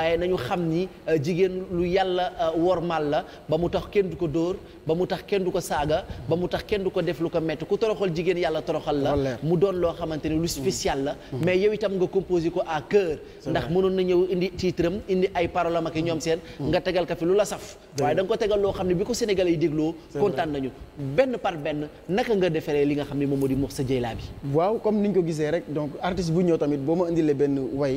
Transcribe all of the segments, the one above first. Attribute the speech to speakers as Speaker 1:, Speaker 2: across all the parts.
Speaker 1: waaye nañu xam ni euh, jigéen lu yàlla euh, wormal la ba mu tax kenn du ko dóor ba mu tax kenn du ko saaga ba mu tax kenn du ko def lu ko metti ku toroxal jigéen yàlla toroxal la mu doon loo xamante ni lu spécial la mm-hmm. mais yow itam nga composé ko à cœur ndax mënoon na ñëw indi titre am indi ay parole ak ak ñoom seen mm-hmm. nga tegal ko fi lu la saf waaye da ko tegal loo xam ne bi ko sénégal yi dégloo
Speaker 2: kontaan nañu benn par benn naka nga defaree li nga xam ne moom moo di Moussa Dieyla bi waaw comme niñ ko gisee rek donc artiste bu ñëw tamit boo ma indilee benn way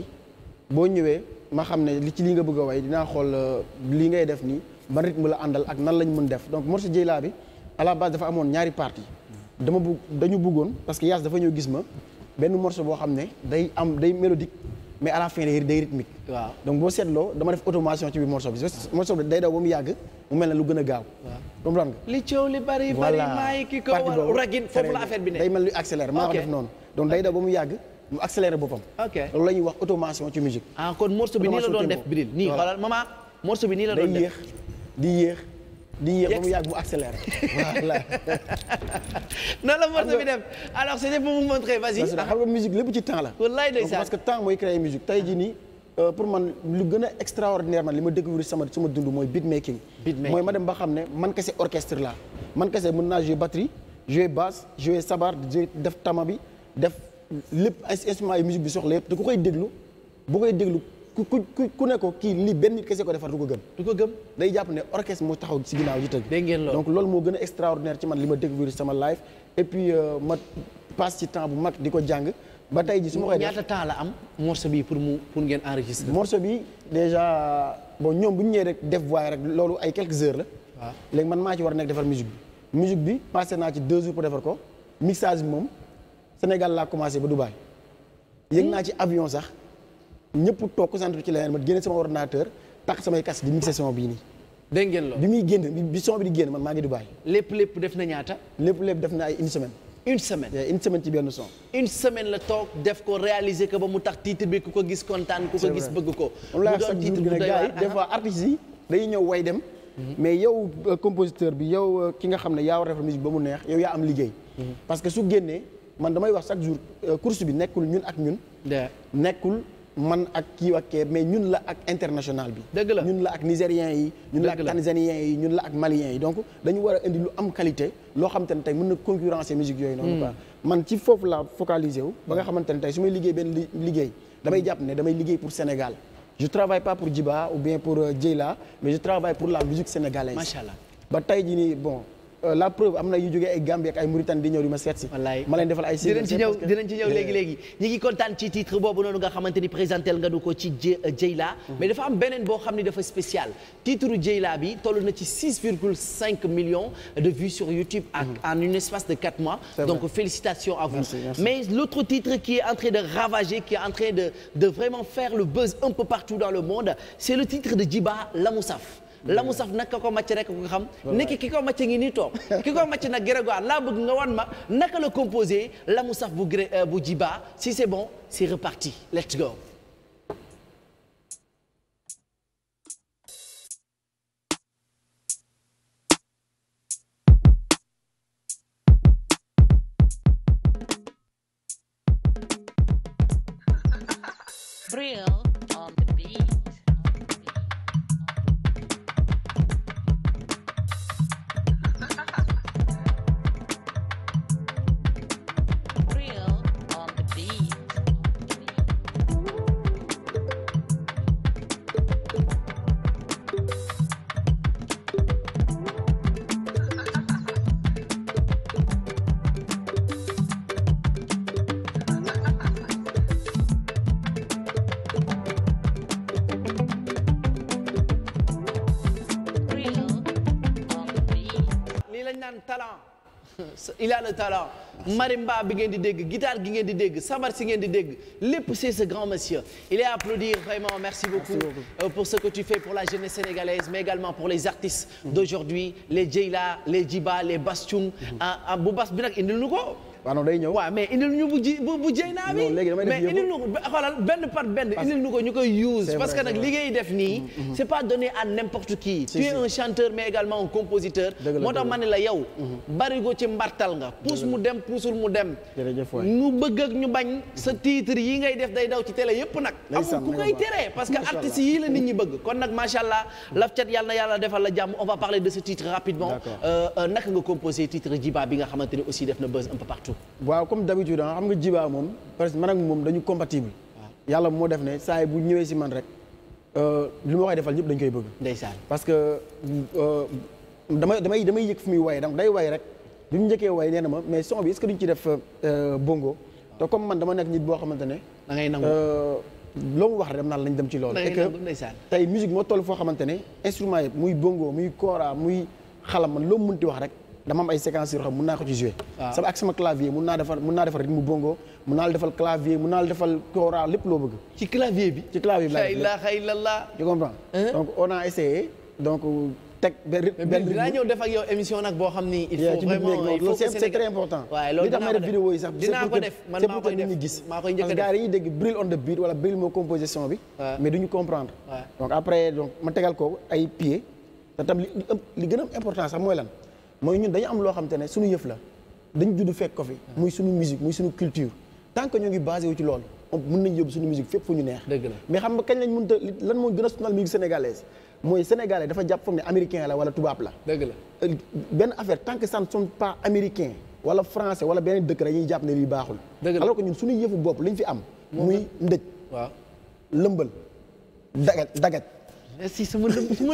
Speaker 2: boo ñëwee ma xam ne li ci lii nga bëgg a way dinaa xool euh, lii ngay def nii ban rythme la àndal ak nan lañu mën def donc morceau Dieyla bi à la dafa amoon ñaari partie dama bëgg dañu bëggoon parce que Yaas dafa ñëw gis ma benn morceau boo xam ne day am day mélodique mais à la fin day day rythmique. waaw donc boo seetloo dama def automation ci biir morceau bi. morceau bi day daw ba mu yàgg mu mel ne lu gën a gaaw. comprendre nga. li
Speaker 1: coow li bari bari. voilà partie boobu foofu la affaire bi ne. day mel ni accélère maa ko noonu.
Speaker 2: donc day daw ba mu yàgg. mu accéléré boppam. ok loolu la wax automation ci musique. Ah, kon morceau bi nii la doon def bi nii xoolal maman morceau bi nii la doon def di yéex di yéex nii mu yàgg mu accéléré. voilà. noonu la morceau bi def alors c'était pour vous montrer vas-y. xam nga musique lépp ci temps la. wallaay ndeysaan parce que temps mooy créer musique tey jii nii. Euh, pour man lu gën a li ma découvrir sama sama dund mooy beat making. beat making mooy ma dem ba xam ne man kese orchestre la man kese mën naa jouer batterie jouer basse jouer sabar jouer def tama bi def. lépp instruments yi musique bi soxla yëpp te ku koy déglu bu koy déglu ku ku ku ne kii lii benn nit kese ko defar du ko gëm. du ko gëm day jàpp ne orchestre mu taxaw si ginnaaw ji tëgg. dégg ngeen loolu donc loolu moo gën a extraordinaire ci man li ma découvrir sama live et puis euh, ma passe ci temps bu mag di ko jàng. ba tey ji su ma koy def ñaata la am morceau bi pour mu pour ngeen enregistrer. morceau bi déjà bon ñoom bu ñu ñëwee rek def voix rek loolu ay quelques heures la. waaw léegi man maa ci war a nekk defar musique bi. musique bi passé naa ci deux jours ko mixage bi moom. Sénégal laa commencé ba Dubaï. yëg naa ci avion sax ñëpp toog centre ci leneen ma génne sama ordinateur tax samay kas di mixé son bii nii. dégg ngeen loolu bi muy génn bi son bi di génn man maa ngi Dubaï. lépp lépp def na ñaata. lépp lépp def na ay une semaine. une semaine une semaine ci benn son. une
Speaker 1: semaine la toog def ko réaliser ko ba mu tax titre bi ku ko gis kontaan ku ko gis bëgg ko. mu doon titre bu doy waar
Speaker 2: dañuy ñëw way dem. Mhm. mais yow euh, compositeur bi yow euh, ki nga xam ne yaa war a ba mu neex yow yaa am liggéey. Mhm. man damay wax chaque jour euh, course bi nekkul ñun ak ñun. nekkul man ak kii ak kee mais ñun la ak international bi. dëgg la ñun la ak nigériens yi. ñun la ak tanzaniens yi ñun la ak maliens yi donc dañu war a indi lu am qualité loo xam te ne tey mën na concurrencer musique yooyu noonu. Hmm. quoi man ci foofu la focaliser wu. ba nga xamante ne tey su may liggéey benn liggéey. damay jàpp ne damay liggéey pour Sénégal. je travaille pas pour jiba ou bien pour euh, Dieyla mais je travaille pour la musique macha allah ba tey jii nii bon. Euh, la preuve am na yu jógee ay Gambie ak ay Mauritanie di ñëw di ma seet si ma leen
Speaker 1: kontaan ci titre boobu noonu nga xamante ni présentel nga nu ko ci euh, Jeyla mm-hmm. mais dafa am beneen boo xam ne dafa spécial titre Jeyla bi toll na ci 6,5 millions de vues sur YouTube mm-hmm. en un espace de 4 mois donc félicitations à vous mais l'autre titre qui est en train de ravager qui est en train de de vraiment faire le buzz un peu partout dans le monde c'est le titre de Djiba la mu saf naka ko macc rek ko xam niki ki ko macc ngi nii toog ki ko macc nag Grégoire laa bëgg nga wan ma naka la composé lamu mu saf bu gré euh, bu jiba si c'est bon c'est reparti let's go il a le talent marimba bi ngeen di dégg guitare gi ngeen di dégg sabar si ngeen di dégg lépp c'est ce grand monsieur il est à applaudir vraiment merci beaucoup, merci beaucoup. Euh, pour ce que tu fais pour la jeunesse sénégalaise mais également pour les artistes d'aujourd'hui les Djiba les Bass Thioung bu bas bi nag indil nu ko waaw non day ñëw waaw mais indil ñu bu ji bu jëy naa bi mais indil ñu ko xoolal benn par benn indil ñu ko ñu koy use parce que nag liggéey def nii mm, mm, mm. c'est pas donné à n'importe qui tu es chanteur moo tax ma ne la yow barigo ci mbartal nga puus mu dem puusul mu dem ñu bëgg ak ñu bañ sa titre yi ngay def day daw ci télé yëpp nag amul ku koy tere parce que artistes yii la nit ñi bëgg kon nag macha allah laf cat yàlla na yàlla defal la jàmm on va euh,
Speaker 2: euh, naka nga composé titre Djiba bi nga xamante ne aussi def na buzz waaw comme d'habitude ah, xam nga jibaa moom presque man ak moom dañu compatible. Ah. yàlla moo def ne saa bu ñëwee si man rek euh, li ma koy defal ñëpp dañ koy bëgg. ndeysaan parce que euh, damay damay damay yëg fu muy waye donc day way rek bi mu njëkkee way nee na ma mais son bi est-ce que duñ ci def euh, bongo. te comme man dama nekk nit boo xamante ne. da ngay loo mu wax rek dem lañ dem ci loolu. da ngay tey musique moo toll foo xamante ne instrument yëpp muy bongo muy kora muy xalam man loo mënti wax rek. dama am ay séquences yoo xam mun naa ko ci jouer ah. sama ak sama clavier mun naa defar mun bongo mun naa la defal clavier mun naa la defal kora lépp loo bëgg ci clavier bi ci clavier bi laa ilaha illallah tu comprends donc on a essayé donc euh, teg benn dinaa ñëw def ak yow émission nag boo xam ni il faut vraiment il faut c'est très important waaye loolu dinaa ko def vidéo yi sax dinaa ko def man maa koy def nit ñi gis maa koy njëkk a def yi dégg Bril on the beat wala Bril moo composition ko ay tam li li gën a lan mooy ñun dañu am loo xam te ne suñu yëf la dañ judd fekk ko fi muy suñu musique muy suñu culture tant que ñoo ngi basé wu ci loolu mën nañu yóbbu suñu musique fépp fu ñu neex mais xam nga kañ lañ mën ta lan moo gën a sonal musique sénégalaise mooy sénégalais dafa jàpp foog ne américain la wala tubaab la euh, benn affaire tant san son ne pas américain wala français wala benn dëkk rek ñuy jàpp ne lii baaxul alors que ñun suñu yëfu bopp liñ fi am muy ndëj waaw lëmbal dagat dagat eh, si sama gi ñu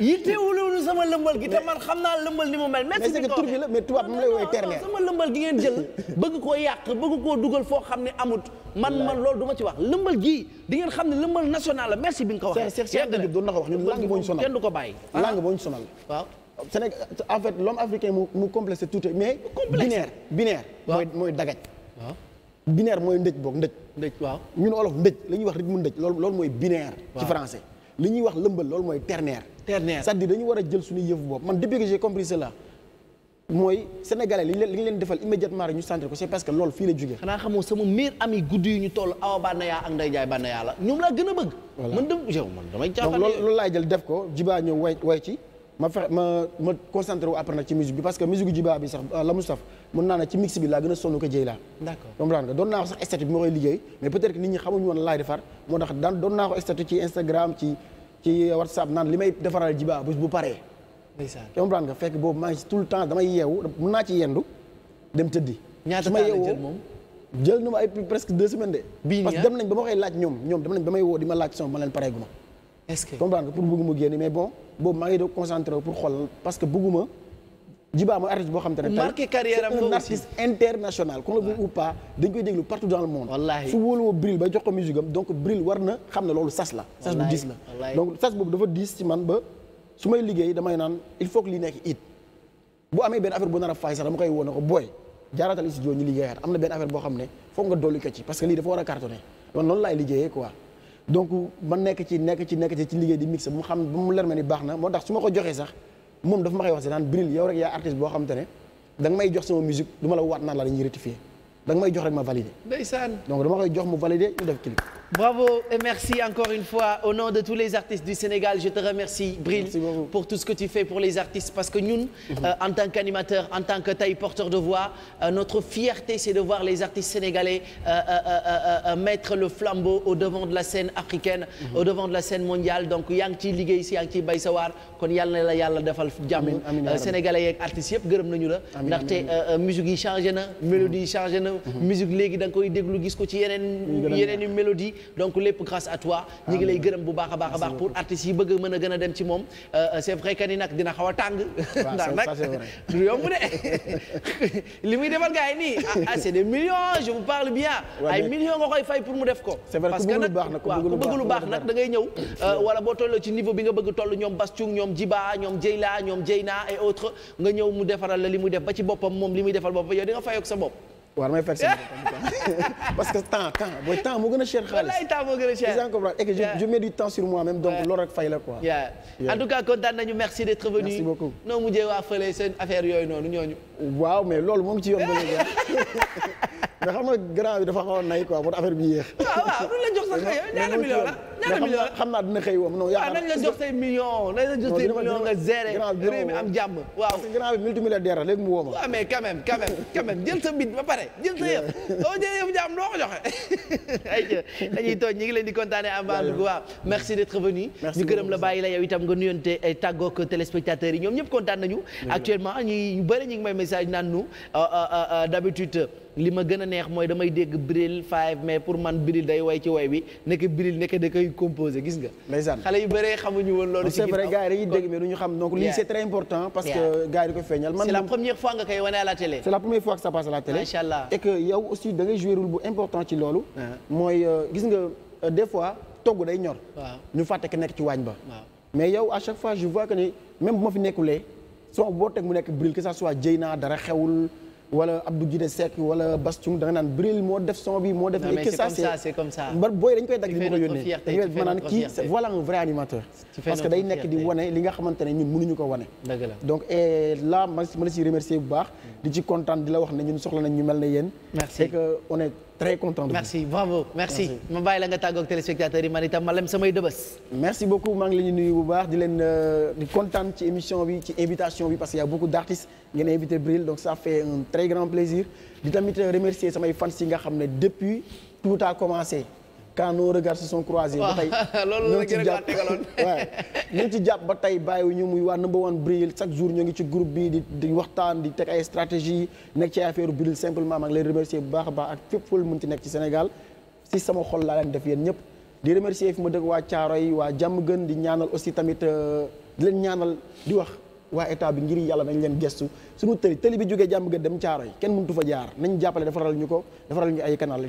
Speaker 2: yitteewulewul sama lëmbal gi te man
Speaker 1: xam naa lëmbal ni mu mel. mais c'est que tur bi la mais gi ngeen koo yàq bëgg koo dugal foo xam ne amut. man man loolu du ma ci wax lëmbal gi di ngeen xam ne lëmbal national
Speaker 2: la merci bi nga ko waxee. yàgg na doon na ko wax ah. en fait l'homme africain mu mu complexe tout mais. binaire binaire. mooy mooy dagaj. waaw binaire mooy ndëj boog ndëj. ndëj waaw ñun olof ndëj la ñuy wax rythme ndëj loolu loolu mooy binaire. ci français li ñuy wax lëmbal loolu mooy ternaire. ternaire cest à dañu war a jël suñu yëfu bopp man depuis que j'ai compris cela mooy sénégalais li ñu leen defal immédiatement rek ñu sentir ko c'est parce que lool fii la jógee. xanaa xamoo sama meilleur ami guddi yu ñu toll Awa Banaya ak Ndeye Ndiaye Banaya la ñoom laa gën a bëgg. man dem man damay. jàppale loolu loolu laay jël def ko jibaa ñëw way way ci. ma fexe ma ma concentré wu après nag ci musique bi parce que musique jiba bi sax euh, la Moustapha mën naa ne ci mix bi laa gën a sonn ko jëy laa d'accord comprendre nga doon naa ko sax ma koy liggéey mais peut-être que nit ñi moo tax daan doon naa ko statut Instagram ci WhatsApp naan li may defaral jiba bu bu paree comprendre nga fekk boobu maa ngi tout le temps damay yeewu mën naa ci yendu dem tëddi ñaata ma yeewoo moom jël na ma ay presque deux semaines de parce que ah? dem nañ ba ma koy laaj ñoom ñoom dem nañ ba may woo di ma laaj son ma leen est-ce que comprendre nga pour bëgguma génn mais bon boobu maa ngi doon concentré pour xool parce que bëgguma Djiba mooy artiste boo xam ne marqué carrière am un artiste international qu'on le veuille ou dañ koy déglu partout dans le monde su wóoloo Bril ba jox ko musique am donc Bril war na xam ne loolu sas la sas bu diis la donc sas boobu dafa diis ci man ba su may liggéey damay naan il faut que lii nekk it bu amee benn affaire bu nar a faay sax dama koy woo na ko booy jaaratal laay liggéeyee quoi donc man nekk ci nekk ci nekk ci liggéey di mixé mu xam ba mu leer ma ni baax na moo tax su ma ko joxee sax moom dafa ma koy wax si naan Bril yow rek yaa artiste boo xam te ne da nga may jox sama musique du ma la waat naan la dañuy rectifier da nga may jox rek ma validé. ndeysaan donc dama koy jox mu validé ñu def clip.
Speaker 1: Bravo et merci encore une fois au nom de tous les artistes du Sénégal je te remercie Bril pour tout ce que tu fais pour les artistes parce que ñun mhm. euh, en tan qu'animateur en tant que tay porteur de voix euh, notre fierté c'est de voir les artistes sénégalais euh, euh, euh, euh mettre le flambeau au devant de la scène africaine mhm. au devant de la scène mondiale donc yaa ngi ciy liggéey si yaa ngi ciy bay sawar kon yàlla na la yàlla defal jàmm sénégalais yeeg artistes yëpp gërëm nañu la ndaxte musique yi changé na mélodie yi changé na mhm. musique léegi da koy déglu gis ko ci yeneen yeneen mélodie donc lépp grâce à toi ñu ngi lay gërëm bu baax a baax a baax pour artistes yi bëgg mën a gën a dem ci moom euh, euh, c'est vrai que ni nag dina xaw a tàng ndax nag du ne de li muy defal gars yi nii ah, ah c'est des millions je vous parle bien ay millions nga koy fay pour mu def ko parce que nag ku bëgg lu baax nag da ñëw euh, wala boo tolloo ci niveau bi nga bëgg toll ñoom Bastung ñoom Jiba ñoom Jeyla ñoom Jeyna et
Speaker 2: autres nga ñëw mu defaral la li mu def ba ci boppam moom li muy defal boppam yow di nga fayook sa bopp war may fekk parce que temps temps booy temps moo gën a cher xaalis. wallaay temps moo gën a cher disons que et temps sur moi-même donc loolu fay la quoi. en tout cas kontaan nañu merci d'être venu. noo mujjee
Speaker 1: waa fële seen affaire yooyu noonu ñooñu.
Speaker 2: waaw mais loolu moo ngi ci yoon ba léegi mais xam grand bi dafa xaw a nay quoi moo affaire bi yéex. Ah,
Speaker 1: waaw waaw la jox sax yow ñaanami loola.
Speaker 2: xam naa dina xëy woon non yaa nañ la jox say million nga géré réew mi am jàmm waaw parce que grand bi léegi mu woo ma waaw ah, mais quand même quand jël sa bit ba pare jël sa yëf
Speaker 1: soo jëlee yëf jàmm doo ko joxe ay dañuy ñi ngi leen di kontaane am bu waaw merci d'être venu ñu gërëm la bàyyi la yow itam nga nuyonte ay eh, tàggook téléspectateurs yi ñoom ñëpp kontaan nañu actuellement ñu bëri ñu ngi may message naan nu euh, euh, euh, d'habitude li ma gën a neex mooy damay dégg Bril 5 mais pour man Bril day way ci way wi composé
Speaker 2: gis nga. ndeysaan xale yu bëree xamuñu woon loolu. c'est vrai gars yi dañuy dégg du ñu xam donc lii c'est très important. parce que gars ko feeñal. man c'est c'est la première fois que ça passe la télé. macha que yow aussi da ngay bu important ci loolu. Uh-huh. mooy euh, gis nga euh, des fois togg day ñor. ñu fàtte que nekk ci waañ ba. mais yow à chaque fois je vois que ni même bu ma fi nekkulee son boo teg mu nekk bril que ça soit jëy naa dara xewul wala Abdou Guité Seck wala Bastoum da nga naan Bril moo def son bi moo def. non mais c'est comme comme ça booy dañ koy dagg li ma ko yónnee dañu maanaam kii voilà un vrai animateur. parce que day di wane li nga xamante ne ñun mënuñu ko wane. dëgg la donc et là ma ma si ciy remercier bu baax. Mm. di ci kontaan di la wax ne ñun soxla nañ ñu mel ne yéen. merci c'est que très content merci vous. merci
Speaker 1: ma bàyyi la nga tàggoog téléspectateurs yi man itam ma lem samay dëbës
Speaker 2: merci beaucoup maa ngi leen nuyu bu baax di leen euh, di kontaan ci émission bi ci invitation bi parce que y a beaucoup d'artistes ngeen invité Bril donc ça fait un très grand plaisir di tamit remercier samay fans yi nga xam ne depuis tout a commencé quand nos regards se sont croisés. ba tey loolu ngi ci jàpp waaw ñu ngi ci jàpp ba tey bàyyi ñu muy waa number one bril chaque jour ñoo ngi ci groupe bi di di waxtaan di teg ay stratégie nekk ci affaire bril simplement maa ngi leen remercier bu baax a baax ak fépp fël mën ci nekk ci Sénégal si sama xol laa leen def yéen ñëpp di remercier fi ma dëkk waa caaro Caaroy waa jàmm gën di ñaanal aussi tamit euh, di leen ñaanal di wax waa état bi ngir yàlla nañ leen gestu suñu tëli tëli bi jógee jàmm gën dem Caaroy kenn mëntu fa jaar nañ jàppale defaral ñu ko defaral ñu ay canal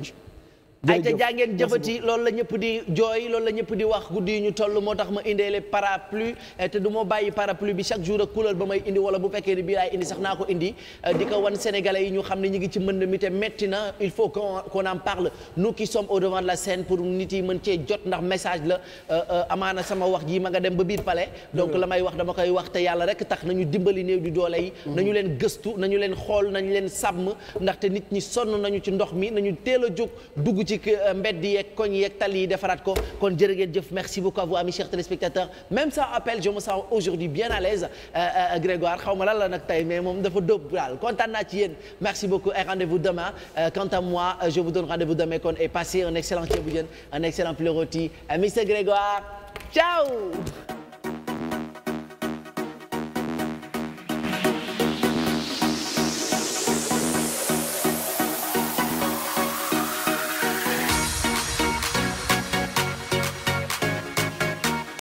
Speaker 2: ay ta jàngeen
Speaker 1: jëfati loolu la ñëpp di jooy loolu la ñëpp di wax guddi yi ñu toll moo tax ma indeele parapluie eh, te du ma bàyyi parapluie bi chaque jour ak couleur ba may indi wala bu fekkee ni bii laay indi sax naa ko indi eh, di ko wan sénégalais yi ñu xam ne ñu ngi ci mën mi te metti na il faut qu'on en parle nous qui sommes au devant de la scène pour nit yi mën cee jot ndax message la eh, amaana sama wax jii ma nga dem ba biir palais donc la may wax dama koy wax te yàlla rek tax nañu dimbali néew di doole mhm. nañu leen gëstu nañu leen xool nañu leen sàmm ndaxte nit ñi sonn nañu ci ndox mi nañu teel a jóg ci euh, mbedd yeeg koñ yeeg tali yi defaraat ko kon jërë ngeen jëf merci beaucoup à vous amis chers téléspectateurs même sans appel je me sens aujourd'hui bien à l'aise euh, euh, Grégoire xaw ma lan la nag tey mais moom dafa dóob daal kontaan naa ci yéen merci beaucoup et rendez-vous demain quant à moi je vous donne rendez-vous demain kon et passez un excellent ceebu jën un excellent poulet rôti Mister Grégoire ciao